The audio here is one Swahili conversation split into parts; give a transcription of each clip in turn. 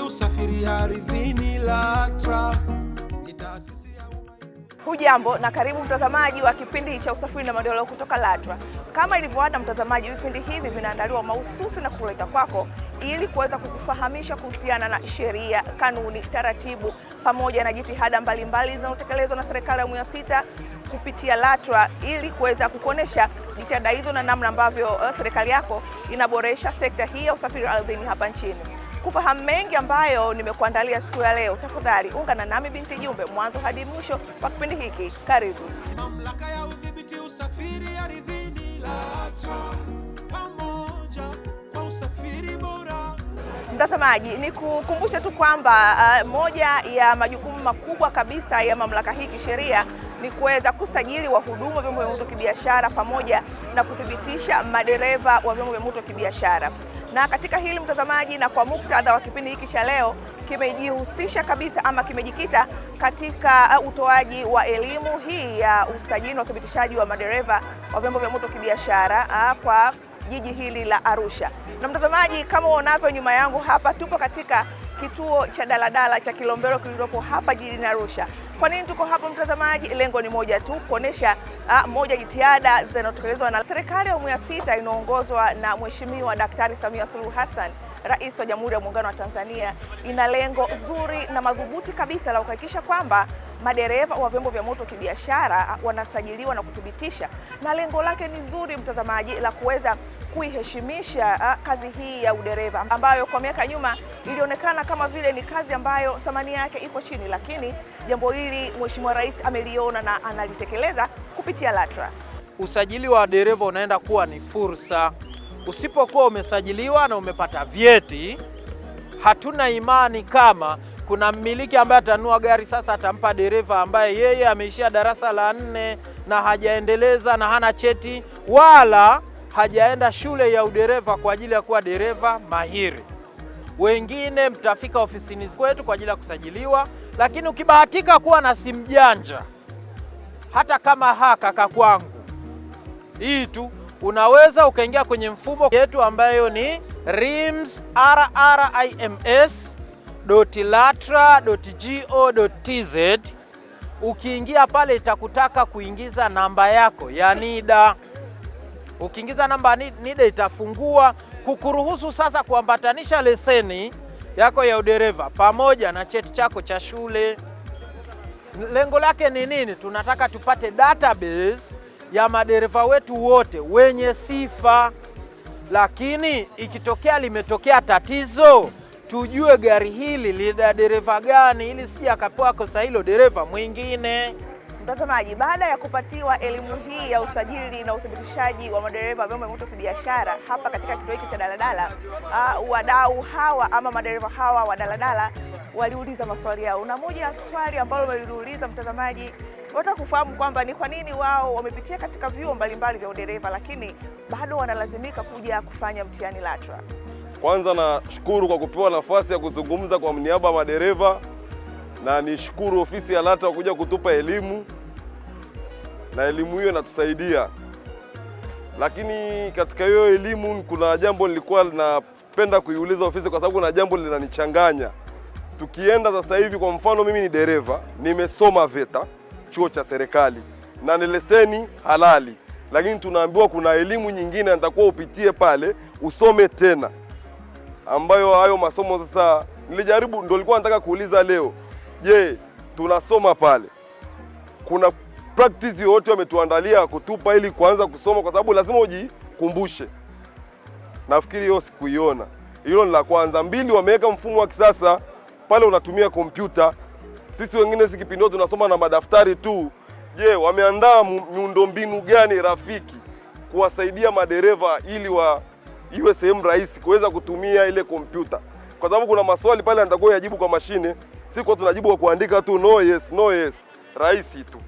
usafiri ardhini LATRA. Hujambo na karibu mtazamaji wa kipindi cha usafiri na maendeleo kutoka LATRA. Kama ilivyoada, mtazamaji, vipindi hivi vinaandaliwa mahususi na kuleta kwako ili kuweza kukufahamisha kuhusiana na sheria, kanuni, taratibu pamoja na jitihada mbalimbali zinazotekelezwa na serikali ya awamu ya sita kupitia LATRA ili kuweza kukuonesha jitihada hizo na namna ambavyo uh, serikali yako inaboresha sekta hii ya usafiri ardhini hapa nchini kufahamu mengi ambayo nimekuandalia siku ya leo. Tafadhali ungana nami binti Jumbe mwanzo hadi mwisho wa kipindi hiki. Karibu. Mamlaka ya udhibiti usafiri ardhini LATRA, pamoja kwa usafiri bora. Mtazamaji, ni kukumbusha tu kwamba uh, moja ya majukumu makubwa kabisa ya mamlaka hii kisheria ni kuweza kusajili wahudumu wa vyombo vya moto kibiashara pamoja na kuthibitisha madereva wa vyombo vya moto kibiashara. Na katika hili mtazamaji, na kwa muktadha wa kipindi hiki cha leo, kimejihusisha kabisa ama kimejikita katika uh, utoaji wa elimu hii ya usajili na uthibitishaji wa madereva wa vyombo vya moto kibiashara uh, kwa jiji hili la Arusha. Na mtazamaji, kama unavyo nyuma yangu hapa, tupo katika kituo cha daladala cha Kilombero kilichopo hapa jijini Arusha. Kwa nini tuko hapa mtazamaji? Lengo ni moja tu, kuonesha ah, moja jitihada zinazotekelezwa na serikali ya awamu ya sita inaongozwa na Mheshimiwa Daktari Samia Suluhu Hassan Rais wa Jamhuri ya Muungano wa Tanzania ina lengo zuri na madhubuti kabisa la kuhakikisha kwamba madereva wa vyombo vya moto kibiashara wanasajiliwa na kuthibitisha, na lengo lake ni zuri, mtazamaji, la kuweza kuiheshimisha ah, kazi hii ya udereva ambayo kwa miaka nyuma ilionekana kama vile ni kazi ambayo thamani yake iko chini, lakini jambo hili Mheshimiwa Rais ameliona na analitekeleza kupitia LATRA. Usajili wa dereva unaenda kuwa ni fursa Usipokuwa umesajiliwa na umepata vyeti, hatuna imani kama kuna mmiliki ambaye atanua gari sasa, atampa dereva ambaye yeye ameishia darasa la nne na hajaendeleza na hana cheti wala hajaenda shule ya udereva kwa ajili ya kuwa dereva mahiri. Wengine mtafika ofisini kwetu kwa ajili ya kusajiliwa, lakini ukibahatika kuwa na simu janja, hata kama haka kakwangu hii tu unaweza ukaingia kwenye mfumo yetu ambayo ni RIMS.RRIMS.LATRA.go.tz. Ukiingia pale itakutaka kuingiza namba yako ya NIDA. Ukiingiza namba NIDA itafungua kukuruhusu sasa kuambatanisha leseni yako ya udereva pamoja na cheti chako cha shule. Lengo lake ni nini? Tunataka tupate database ya madereva wetu wote wenye sifa, lakini ikitokea limetokea tatizo tujue gari hili lina dereva gani, ili sije akapewa kosa hilo dereva mwingine. Mtazamaji, baada ya kupatiwa elimu hii ya usajili na uthibitishaji wa madereva vyombo vya moto kibiashara hapa katika kituo hiki cha daladala, uh, wadau hawa ama madereva hawa wa daladala waliuliza maswali yao, na moja ya swali ambalo waliuliza mtazamaji Tunataka kufahamu kwamba ni kwa nini wao wamepitia katika vyuo mbalimbali vya udereva lakini bado wanalazimika kuja kufanya mtihani LATRA. Kwanza nashukuru kwa kupewa nafasi ya kuzungumza kwa niaba ya madereva na nishukuru ofisi ya LATRA kuja kutupa elimu na elimu hiyo inatusaidia. Lakini katika hiyo elimu kuna jambo nilikuwa napenda kuiuliza ofisi, kwa sababu kuna jambo linanichanganya. Tukienda sasa hivi, kwa mfano, mimi ni dereva, nimesoma VETA chuo cha serikali na ni leseni halali, lakini tunaambiwa kuna elimu nyingine nitakuwa upitie pale usome tena, ambayo hayo masomo sasa nilijaribu, ndio nilikuwa nataka kuuliza leo. Je, tunasoma pale, kuna practice yoyote wametuandalia kutupa ili kuanza kusoma? Kwa sababu lazima ujikumbushe. Nafikiri hiyo sikuiona. Hilo ni la kwanza. Mbili, wameweka mfumo wa kisasa pale, unatumia kompyuta sisi wengine si sikipindiwa tunasoma na madaftari tu. Je, wameandaa miundombinu gani rafiki kuwasaidia madereva ili wa iwe sehemu rahisi kuweza kutumia ile kompyuta? Kwa sababu kuna maswali pale anatakuwa yajibu kwa mashine, si kwa tunajibu kwa kuandika tu no yes, no yes, rahisi tu.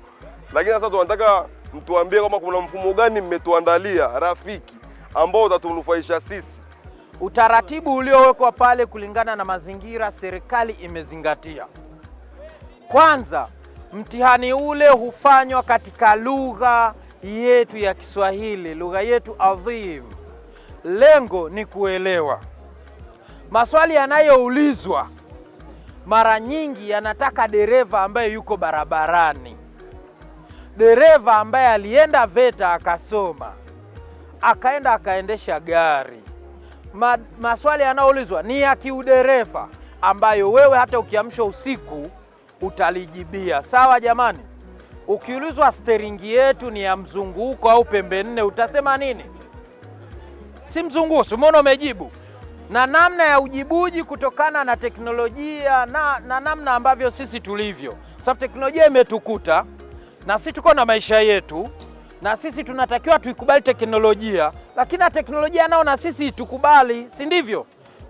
Lakini sasa tunataka mtuambie kama kuna mfumo gani mmetuandalia rafiki ambao utatunufaisha sisi. Utaratibu uliowekwa pale kulingana na mazingira serikali imezingatia. Kwanza, mtihani ule hufanywa katika lugha yetu ya Kiswahili, lugha yetu adhimu. Lengo ni kuelewa. Maswali yanayoulizwa mara nyingi yanataka dereva ambaye yuko barabarani, dereva ambaye alienda VETA akasoma, akaenda akaendesha gari. Ma, maswali yanayoulizwa ni ya kiudereva ambayo wewe hata ukiamshwa usiku utalijibia. Sawa jamani, ukiulizwa steringi yetu ni ya mzunguko au pembe nne, utasema nini? Si mzunguko, umeona? Umejibu na namna ya ujibuji kutokana na teknolojia na, na namna ambavyo sisi tulivyo. Sababu teknolojia imetukuta na sisi tuko na maisha yetu, na sisi tunatakiwa tuikubali teknolojia, lakini na teknolojia nao na sisi itukubali, si ndivyo?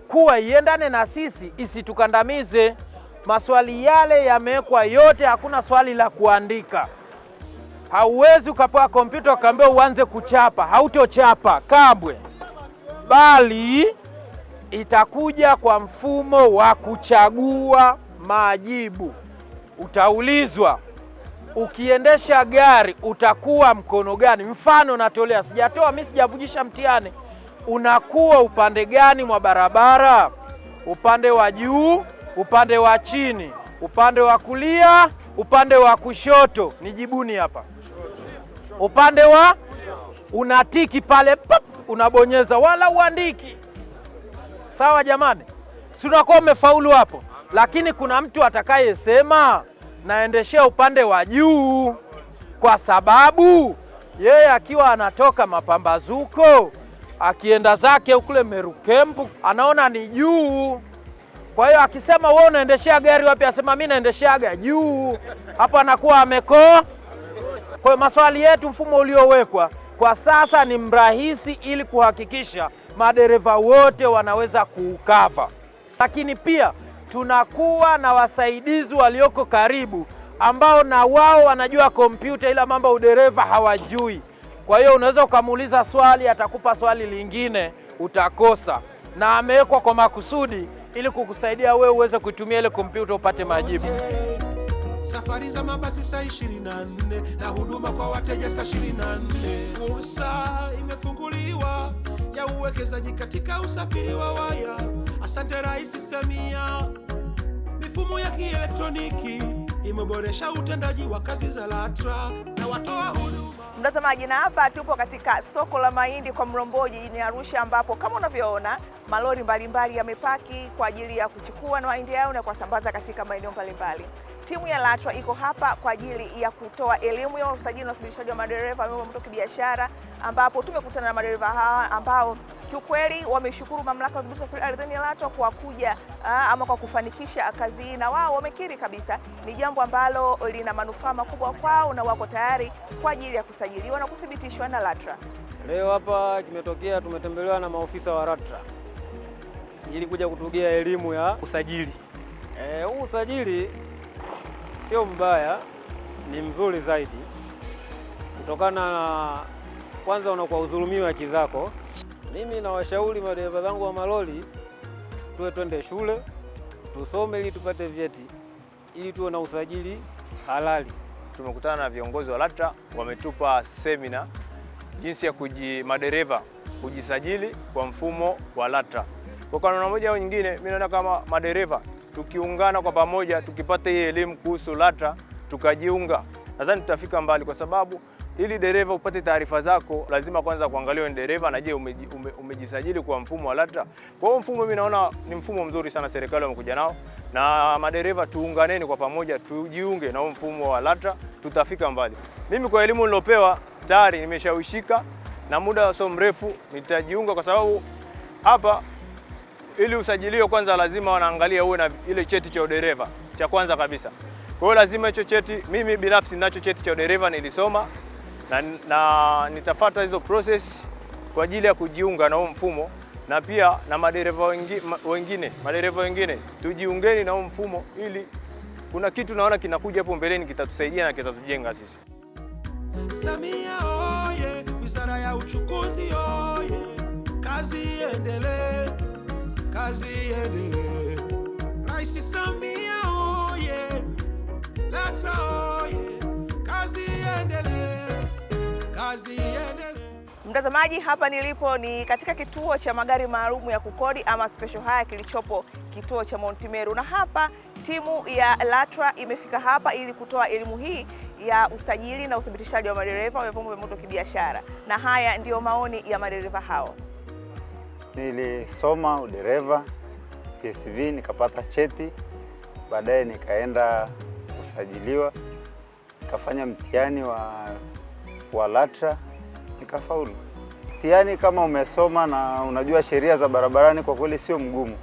Kuwa iendane na sisi, isitukandamize. Maswali yale yamewekwa yote, hakuna swali la kuandika. Hauwezi ukapewa kompyuta ukaambiwa uanze kuchapa, hautochapa kabwe, bali itakuja kwa mfumo wa kuchagua majibu. Utaulizwa ukiendesha gari utakuwa mkono gani? Mfano natolea, sijatoa mi sijavujisha mtihani. Unakuwa upande gani mwa barabara? Upande wa juu upande wa chini, upande wa kulia, upande wa kushoto. Nijibuni hapa, upande wa unatiki pale, pop, unabonyeza wala uandiki. Sawa jamani, si unakuwa umefaulu hapo. Lakini kuna mtu atakayesema naendeshea upande wa juu, kwa sababu yeye akiwa anatoka mapambazuko akienda zake ukule Meru Kempu anaona ni juu. Kwa hiyo akisema wewe unaendeshea gari wapi, asema mimi naendesheaga juu hapo, anakuwa amekoa. Kwa hiyo maswali yetu, mfumo uliowekwa kwa sasa ni mrahisi, ili kuhakikisha madereva wote wanaweza kuukava, lakini pia tunakuwa na wasaidizi walioko karibu ambao na wao wanajua kompyuta, ila mambo ya udereva hawajui. Kwa hiyo unaweza ukamuuliza swali, atakupa swali lingine utakosa, na amewekwa kwa makusudi ili kukusaidia wewe uweze kuitumia ile kompyuta upate majibu. Safari za mabasi saa 24 na huduma kwa wateja saa 24. Fursa imefunguliwa ya uwekezaji katika usafiri wa waya. Asante Rais Samia. Mifumo ya kielektroniki imeboresha utendaji wa kazi za LATRA na watoa huduma. Mtazamaji, na hapa tupo katika soko la mahindi kwa Mromboji jijini Arusha, ambapo kama unavyoona malori mbalimbali yamepaki kwa ajili ya kuchukua na mahindi yao na kuwasambaza katika maeneo mbalimbali. Timu ya LATRA iko hapa kwa ajili ya kutoa elimu ya usajili na uthibitishaji wa madereva moto kibiashara, ambapo tumekutana na madereva hawa ambao kiukweli wameshukuru mamlaka ya udhibiti wa usafiri ardhini LATRA kwa kuja ah, ama kwa kufanikisha kazi hii, na wao wamekiri kabisa ni jambo ambalo lina manufaa makubwa kwao, na wako tayari kwa ajili ya kusajiliwa na kuthibitishwa na LATRA. Leo hapa kimetokea, tumetembelewa na maofisa wa LATRA ili kuja kutugia elimu ya usajili. E, usajili sio mbaya, ni mzuri zaidi kutokana na kwanza unakuwa udhulumiwa haki zako. Mimi nawashauri madereva zangu wa malori tuwe twende shule tusome ili tupate vyeti ili tuwe na usajili halali. Tumekutana na viongozi wa LATRA wametupa semina jinsi ya kuji madereva kujisajili kwa mfumo wa LATRA. Kwa namna moja au nyingine, mimi naona kama madereva tukiungana kwa pamoja, tukipata hii elimu kuhusu LATRA tukajiunga, nadhani tutafika mbali, kwa sababu ili dereva upate taarifa zako lazima kwanza kuangaliwa ni dereva na je, umejisajili ume, umejisajili kwa mfumo wa LATRA. Kwa hiyo mfumo mimi naona ni mfumo mzuri sana, serikali wamekuja nao, na madereva tuunganeni kwa pamoja, tujiunge na mfumo wa LATRA, tutafika mbali. Mimi kwa elimu nilopewa tayari nimeshawishika, na muda sio mrefu nitajiunga, kwa sababu hapa ili usajiliwe kwanza lazima wanaangalia uwe na ile cheti cha udereva cha kwanza kabisa. Kwa hiyo lazima hicho cheti, mimi binafsi ninacho cheti cha udereva nilisoma na, na nitafuata hizo process kwa ajili ya kujiunga na huo mfumo, na pia na madereva wengi, ma, wengine madereva wengine tujiungeni na huo mfumo, ili kuna kitu naona kinakuja hapo mbeleni kitatusaidia na kitatujenga sisi. Samia oye! Wizara ya Uchukuzi oye! Kazi iendelee! kazi iendelee. Rais Samia oye, LATRA oye, kazi iendelee, kazi iendelee. Mtazamaji, hapa nilipo ni katika kituo cha magari maalum ya kukodi ama special hire kilichopo kituo cha Mount Meru, na hapa timu ya LATRA imefika hapa ili kutoa elimu hii ya usajili na uthibitishaji wa madereva wa vyombo vya moto kibiashara, na haya ndiyo maoni ya madereva hao. Nilisoma udereva PSV, nikapata cheti, baadaye nikaenda kusajiliwa, nikafanya mtihani wa, wa LATRA nikafaulu. Mtihani kama umesoma na unajua sheria za barabarani, kwa kweli sio mgumu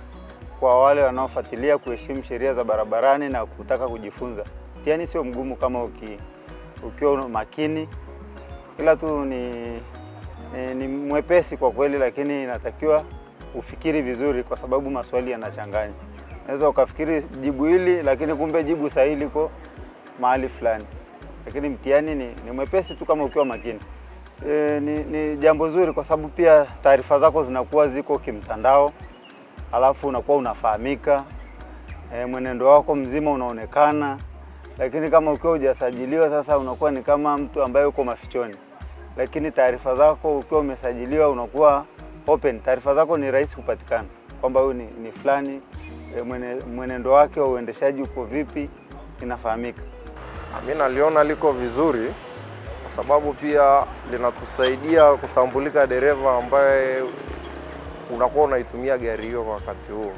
kwa wale wanaofuatilia kuheshimu sheria za barabarani na kutaka kujifunza. Mtihani sio mgumu kama uki, ukiwa makini, ila tu ni E, ni mwepesi kwa kweli, lakini inatakiwa ufikiri vizuri, kwa sababu maswali yanachanganya. Unaweza ukafikiri jibu hili, lakini kumbe jibu sahihi liko mahali fulani. Lakini mtihani ni, ni mwepesi tu kama ukiwa makini. E, ni, ni jambo zuri kwa sababu pia taarifa zako zinakuwa ziko kimtandao, alafu unakuwa unafahamika, e, mwenendo wako mzima unaonekana. Lakini kama ukiwa hujasajiliwa, sasa unakuwa ni kama mtu ambaye uko mafichoni lakini taarifa zako ukiwa umesajiliwa unakuwa open, taarifa zako ni rahisi kupatikana kwamba huyu ni, ni fulani e, mwenendo wake wa uendeshaji uko vipi, inafahamika. Mimi naliona liko vizuri kwa sababu pia linatusaidia kutambulika dereva ambaye unakuwa unaitumia gari hiyo kwa wakati huo,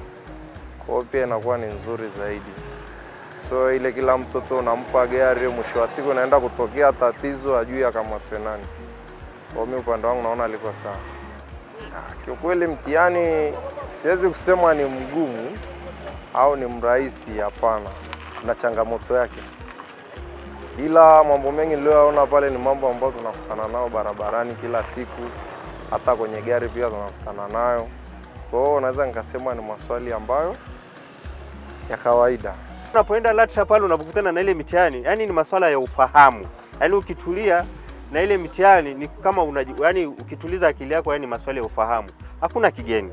kwa hiyo pia inakuwa ni nzuri zaidi so ile kila mtoto unampa gari, mwisho wa siku naenda kutokea tatizo, ajui akamatwe nani. Kwa mimi upande wangu naona liko sawa. Kiukweli mtihani siwezi kusema ni mgumu au ni mrahisi, hapana, na changamoto yake, ila mambo mengi niliyoona pale ni mambo ambayo tunakutana nao barabarani kila siku, hata kwenye gari pia tunakutana nayo. Kwa hiyo naweza nikasema ni maswali ambayo ya kawaida. Unapoenda LATRA pale unapokutana na ile mitihani, yani ni masuala ya ufahamu, yani ukitulia na ile mitihani ni kama una, yani ukituliza akili yako, yani yaani masuala ya ufahamu, hakuna kigeni.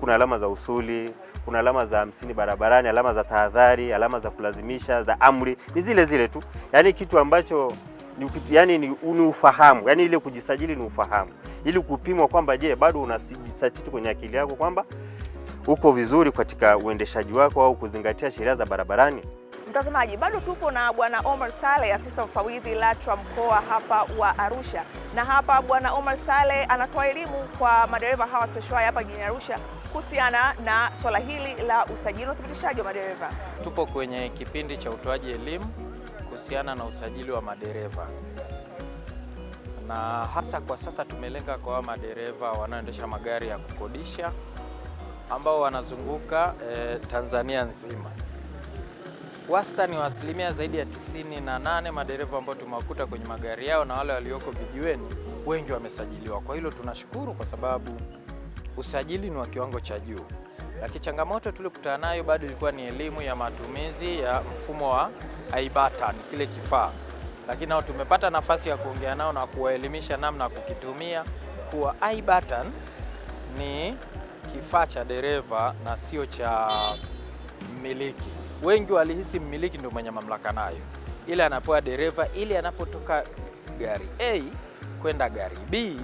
Kuna alama za usuli, kuna alama za hamsini barabarani, alama za tahadhari, alama za kulazimisha, za amri, ni zile zile tu, yani kitu ambacho ni, yani ni ufahamu, yani ile kujisajili ni ufahamu, ili kupimwa kwamba je, bado unasajili kwenye akili yako kwamba uko vizuri katika uendeshaji wako au kuzingatia sheria za barabarani? Mtazamaji, bado tupo na Bwana Omar Saleh, afisa mfawidhi LATRA mkoa hapa wa Arusha, na hapa Bwana Omar Saleh anatoa elimu kwa madereva hawa speshwai hapa jijini Arusha kuhusiana na swala hili la usajili na uthibitishaji wa madereva. Tupo kwenye kipindi cha utoaji elimu kuhusiana na usajili wa madereva na hasa kwa sasa tumelenga kwa madereva wanaoendesha magari ya kukodisha ambao wanazunguka e, Tanzania nzima. Wastani wa asilimia zaidi ya tisini na nane madereva ambao tumewakuta kwenye magari yao na wale walioko vijiweni, wengi wamesajiliwa. Kwa hilo tunashukuru, kwa sababu usajili ni wa kiwango cha juu, lakini changamoto tuliokutana nayo bado ilikuwa ni elimu ya matumizi ya mfumo wa iButton, kile kifaa lakini nao tumepata nafasi ya kuongea nao na kuwaelimisha namna ya kukitumia. Kuwa iButton ni kifaa cha dereva na sio cha mmiliki. Wengi walihisi mmiliki ndio mwenye mamlaka nayo, ile anapewa dereva ili anapotoka gari A kwenda gari B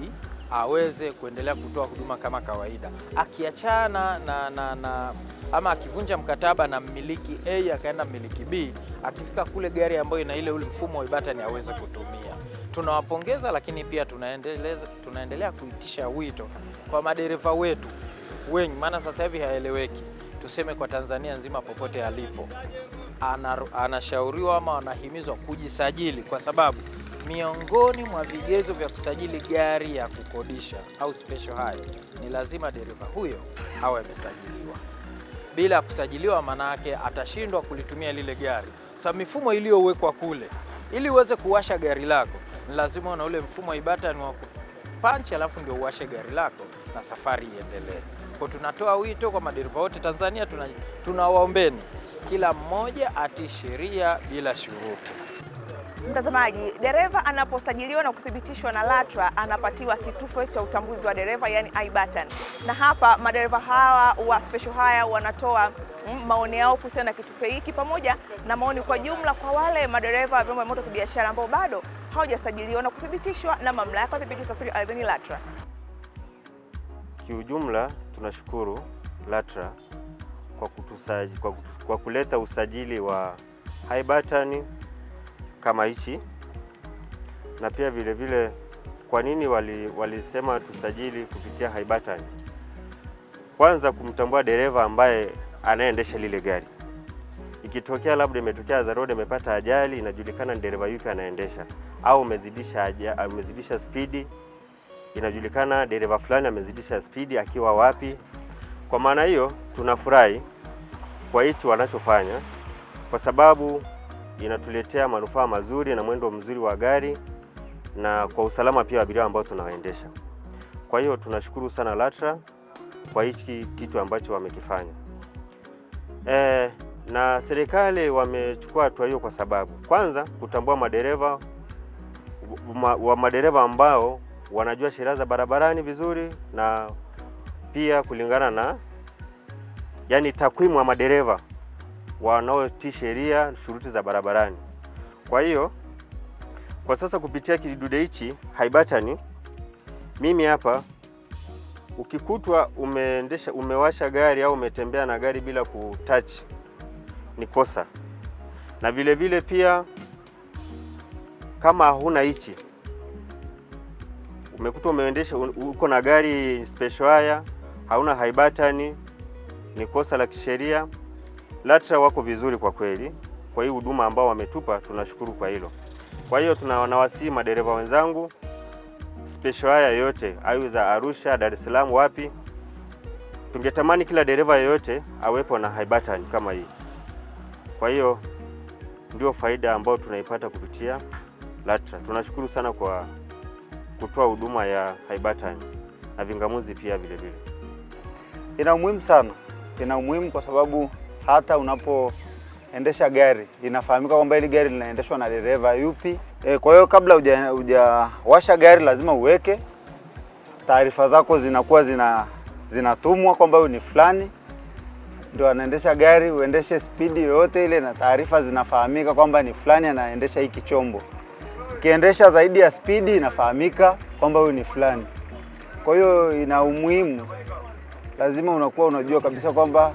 aweze kuendelea kutoa huduma kama kawaida, akiachana na, na, na ama akivunja mkataba na mmiliki A akaenda mmiliki B, akifika kule gari ambayo ina ile ule mfumo wa ibatani aweze kutumia. Tunawapongeza, lakini pia tunaendelea, tunaendelea kuitisha wito kwa madereva wetu wengi, maana sasa hivi haeleweki, tuseme kwa Tanzania nzima, popote alipo, anashauriwa ama anahimizwa kujisajili, kwa sababu miongoni mwa vigezo vya kusajili gari ya kukodisha au special hire ni lazima dereva huyo awe amesajiliwa. Bila kusajiliwa, manake atashindwa kulitumia lile gari. Sa mifumo iliyowekwa kule, ili uweze kuwasha gari lako, ni lazima na ule mfumo ibata ni wa kupanchi, alafu ndio uwashe gari lako na safari iendelee. Kwa tunatoa wito kwa madereva wote Tanzania, tunawaombeni tuna kila mmoja atii sheria bila shuruti. Mtazamaji, dereva anaposajiliwa na kuthibitishwa na LATRA anapatiwa kitufe cha utambuzi wa dereva, yani I button, na hapa madereva hawa wa special hire wanatoa mm, maoni yao kuhusiana na kitufe hiki pamoja na maoni kwa jumla kwa wale madereva wa vyombo vya moto kibiashara ambao bado hawajasajiliwa na kuthibitishwa na mamlaka ya udhibiti usafiri ardhini LATRA. Kiujumla tunashukuru LATRA kwa, kutusaji, kwa, kutu, kwa kuleta usajili wa hibatani kama hichi na pia vile vile kwa nini wali, walisema tusajili kupitia hibatani? Kwanza kumtambua dereva ambaye anayeendesha lile gari. Ikitokea labda imetokea zarode, imepata ajali, inajulikana ni dereva yupi anaendesha, au umezidisha, umezidisha spidi inajulikana dereva fulani amezidisha spidi akiwa wapi. Kwa maana hiyo tunafurahi kwa hichi wanachofanya, kwa sababu inatuletea manufaa mazuri na mwendo mzuri wa gari na kwa usalama pia abiria ambao tunawaendesha. Kwa hiyo tunashukuru sana LATRA kwa hichi kitu ambacho wamekifanya. E, na serikali wamechukua hatua hiyo kwa sababu kwanza kutambua madereva wa madereva ambao wanajua sheria za barabarani vizuri, na pia kulingana na yani takwimu ya madereva wanaotii sheria shuruti za barabarani. Kwa hiyo kwa sasa kupitia kidude hichi haibatani, mimi hapa, ukikutwa umeendesha umewasha gari au umetembea na gari bila kutouch ni kosa, na vile vile pia kama huna hichi umekuta umeendesha uko na gari special haya hauna high button, ni kosa la kisheria. LATRA wako vizuri kwa kweli kwa hii huduma ambao wametupa, tunashukuru kwa hilo. Kwa hiyo tunawasihi madereva wenzangu, special haya yote awe za Arusha, Dar es Salaam, wapi, tungetamani kila dereva yeyote awepo na high button kama hii. Kwa hiyo ndio faida ambayo tunaipata kupitia LATRA. Tunashukuru sana kwa kutoa huduma ya Hibertime na vingamuzi pia vilevile. Ina umuhimu sana, ina umuhimu kwa sababu hata unapoendesha gari inafahamika kwamba hili gari linaendeshwa na dereva yupi. E, kwa hiyo kabla hujawasha gari lazima uweke taarifa zako, zinakuwa zina zinatumwa kwamba huyu ni fulani ndio anaendesha gari. Uendeshe spidi yoyote ile, na taarifa zinafahamika kwamba ni fulani anaendesha hiki chombo ukiendesha zaidi ya spidi inafahamika kwamba huyu ni fulani. Kwa hiyo ina umuhimu, lazima unakuwa unajua kabisa kwamba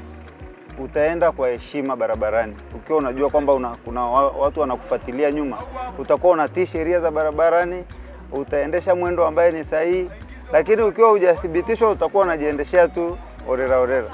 utaenda kwa heshima barabarani. Ukiwa unajua kwamba una, kuna watu wanakufuatilia nyuma, utakuwa unatii sheria za barabarani, utaendesha mwendo ambaye ni sahihi. Lakini ukiwa hujathibitishwa, utakuwa unajiendeshea tu orera orera.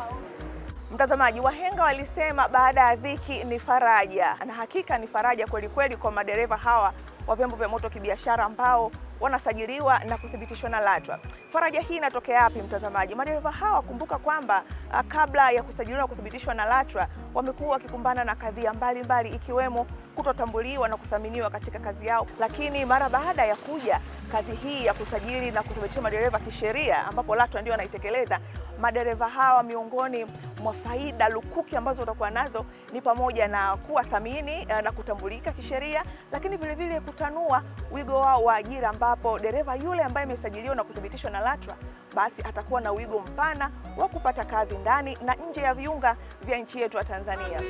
Mtazamaji, wahenga walisema baada ya dhiki ni faraja, na hakika ni faraja kweli kweli kwa madereva hawa wa vyombo vya moto kibiashara ambao wanasajiliwa na kuthibitishwa na LATRA. Faraja hii inatokea wapi mtazamaji? Madereva hawa kumbuka kwamba uh, kabla ya kusajiliwa na kuthibitishwa na LATRA wamekuwa wakikumbana na kadhia mbalimbali ikiwemo kutotambuliwa na kuthaminiwa katika kazi yao, lakini mara baada ya kuja kazi hii ya kusajili na kuthibitisha madereva kisheria, ambapo LATRA ndio anaitekeleza, madereva hawa, miongoni mwa faida lukuki ambazo watakuwa nazo ni pamoja na kuwa thamini eh, na kutambulika kisheria, lakini vilevile kutanua wigo wao wa ajira ambao ambapo dereva yule ambaye amesajiliwa na kuthibitishwa na LATRA basi atakuwa na wigo mpana wa kupata kazi ndani na nje ya viunga vya nchi yetu ya Tanzania.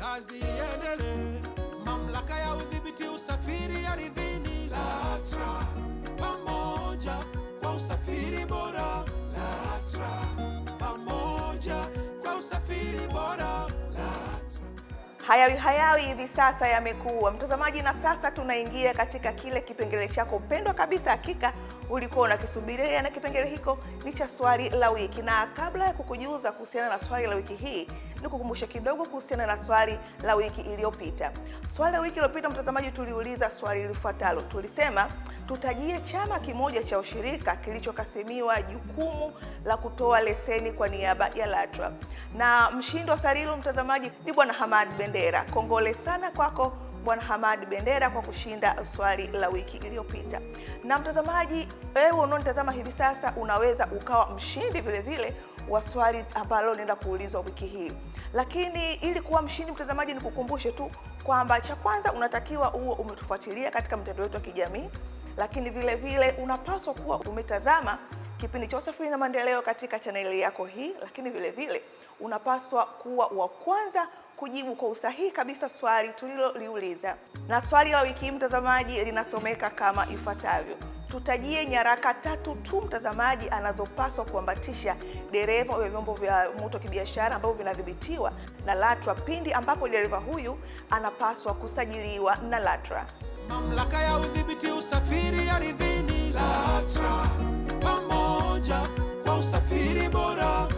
Kazi iendelee. Mamlaka ya udhibiti usafiri ardhini LATRA, pamoja kwa usafiri bora. LATRA, pamoja kwa usafiri bora hayawi hayawi hivi sasa yamekuwa. Mtazamaji, na sasa tunaingia katika kile kipengele chako pendwa kabisa, hakika ulikuwa unakisubiria, na kipengele hiko ni cha swali la wiki. Na kabla ya kukujuza kuhusiana na swali la wiki hii, kukumbusha kidogo kuhusiana na swali la wiki iliyopita. Swali la wiki iliyopita, mtazamaji, tuliuliza swali lifuatalo, tulisema tutajie chama kimoja cha ushirika kilichokasimiwa jukumu la kutoa leseni kwa niaba ya LATRA na mshindi wa sarilu mtazamaji ni bwana Hamad Bendera. Kongole sana kwako bwana Hamad Bendera kwa kushinda swali la wiki iliyopita. Na mtazamaji, wewe unaonitazama hivi sasa, unaweza ukawa mshindi vile vile wa swali ambalo nenda kuulizwa wiki hii. Lakini ili kuwa mshindi, mtazamaji, nikukumbushe tu kwamba cha kwanza unatakiwa uwe umetufuatilia katika mtandao wetu wa kijamii, lakini vile vile unapaswa kuwa umetazama kipindi cha usafiri na maendeleo katika chaneli yako hii, lakini vile vile unapaswa kuwa wa kwanza kujibu kwa usahihi kabisa swali tuliloliuliza. Na swali la wiki hii mtazamaji, linasomeka kama ifuatavyo: tutajie nyaraka tatu tu mtazamaji anazopaswa kuambatisha dereva wa vyombo vya moto kibiashara ambavyo vinadhibitiwa na LATRA pindi ambapo dereva huyu anapaswa kusajiliwa na LATRA. Mamlaka ya udhibiti usafiri ardhini LATRA, pamoja kwa usafiri bora.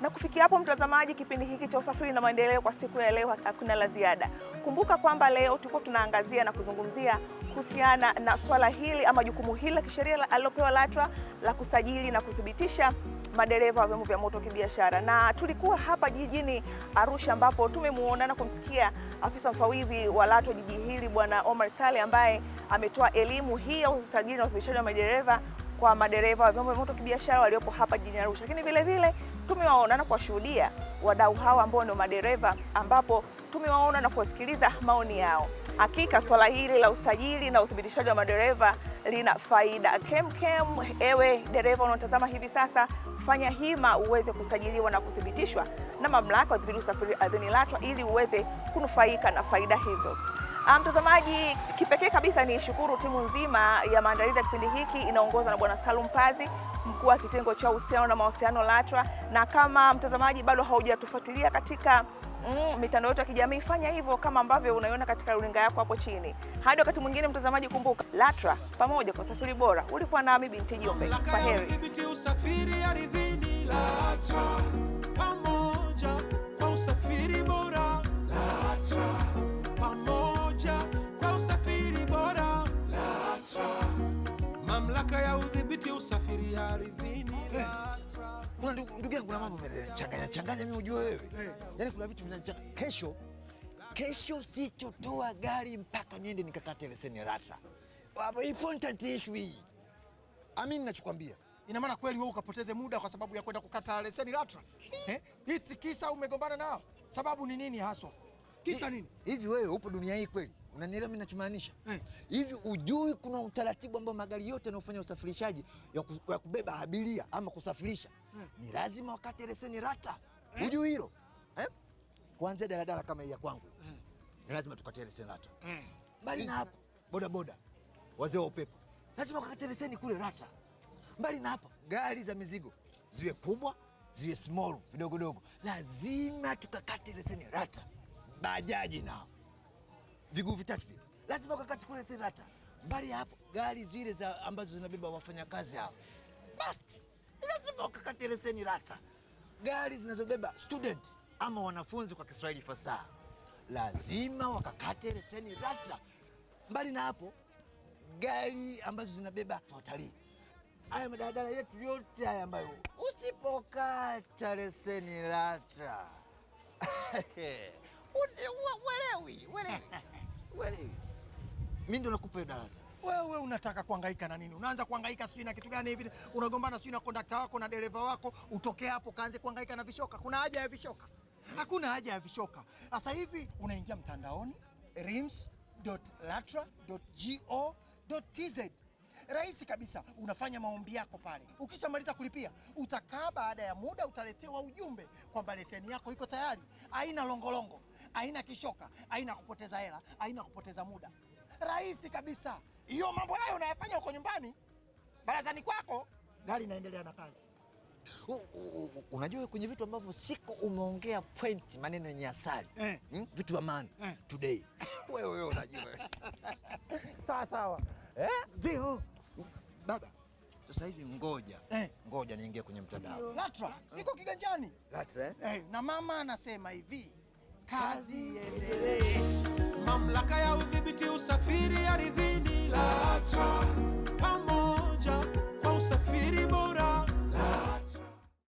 Na kufikia hapo, mtazamaji, kipindi hiki cha usafiri na maendeleo kwa siku ya leo hakuna la ziada. Kumbuka kwamba leo tulikuwa tunaangazia na kuzungumzia kuhusiana na swala hili ama jukumu hili la kisheria alilopewa LATRA la kusajili na kuthibitisha madereva wa vyombo vya moto kibiashara, na tulikuwa hapa jijini Arusha ambapo tumemuona na kumsikia afisa mfawidhi wa LATRA jiji hili Bwana Omar Sale ambaye ametoa elimu hii ya usajili na uthibitishaji wa madereva kwa madereva wa vyombo vya moto kibiashara waliopo hapa jijini Arusha, lakini vile vile tumewaona na kuwashuhudia wadau hawa ambao ni madereva, ambapo tumewaona na kuwasikiliza maoni yao. Hakika swala hili la usajili na uthibitishaji wa madereva lina faida kemkem. Ewe dereva unaotazama hivi sasa, fanya hima uweze kusajiliwa na kuthibitishwa na mamlaka ya udhibiti usafiri ardhini LATRA ili uweze kunufaika na faida hizo. Ah, mtazamaji, kipekee kabisa ni shukuru timu nzima ya maandalizi ya kipindi hiki inaongozwa na Bwana Salum Pazi, mkuu wa kitengo cha uhusiano na mawasiliano LATRA. Na kama mtazamaji bado haujatufuatilia katika mm, mitandao yetu ya kijamii, fanya hivyo kama ambavyo unaiona katika runinga yako hapo chini. Hadi wakati mwingine mtazamaji, kumbuka LATRA pamoja kwa usafiri bora. Ulikuwa nami binti Jombe, kwa heri. LATRA pamoja kwa usafiri bora LATRA usafiri ardhini. Eh, kuna ndugu yangu na mambo changanya changanya, mimi ujue wewe, eh. yaani kuna vitu vinanichanganya. Kesho kesho sitotoa gari mpaka niende nikakate leseni rata Important issue hii, amini nachokwambia. Ina maana kweli wewe ukapoteze muda kwa sababu ya kwenda kukata leseni RATRA eh? hiti kisa umegombana nao, sababu ni nini haswa? Kisa nini hivi? Wewe upo dunia hii kweli? Unanielewa mimi ninachomaanisha? Eh. Hivi hey, ujui kuna utaratibu ambao magari yote yanayofanya usafirishaji ya kubeba abiria ama kusafirisha hey, eh. ni lazima wakati leseni rata hey. Eh. Ujui hilo eh? Kuanzia daladala kama ya kwangu hey, ni lazima tukatie leseni rata hey. Mbali na hapo bodaboda, wazee wa upepo lazima wakate leseni kule rata. Mbali na hapo, gari za mizigo ziwe kubwa ziwe small vidogodogo, lazima tukakate leseni rata. Bajaji nao viguu vitatu vile, lazima kakati kule Serata. Mbali hapo gari zile za ambazo zinabeba wafanyakazi hao, basi lazima ukakate leseni Rata. Gari zinazobeba student ama wanafunzi kwa Kiswahili fasaha lazima wakakate leseni Rata. Mbali na hapo, gari ambazo zinabeba watalii, haya madaladala yetu yote haya ambayo usipokata leseni Rata welewi welewi mimi ndo nakupa darasa. Wewe unataka kuhangaika na nini? Unaanza kuhangaika sijui na kitu gani hivi, unagombana sijui na kondakta wako na dereva wako, utoke hapo kaanze kuhangaika na vishoka. Kuna haja ya vishoka? Hakuna haja ya vishoka. Sasa hivi unaingia mtandaoni rims.latra.go.tz rahisi kabisa, unafanya maombi yako pale. Ukishamaliza kulipia, utakaa baada ya muda utaletewa ujumbe kwamba leseni yako iko tayari, haina longolongo haina kishoka, haina kupoteza hela, haina kupoteza muda, rahisi kabisa. Hiyo mambo hayo unayafanya huko nyumbani barazani kwako, gari inaendelea na kazi. Unajua, kwenye vitu ambavyo siko umeongea point, maneno yenye asali eh, hmm? vitu vya maana eh, today wewe wewe unajua sawa sawa eh? Ndio baba sasa hivi ngoja eh, ngoja niingie kwenye mtandao LATRA iko kiganjani LATRA eh? Eh, na mama anasema hivi kazi iendelee. Mamlaka ya udhibiti usafiri ardhini LATRA, pamoja kwa usafiri bora LATRA.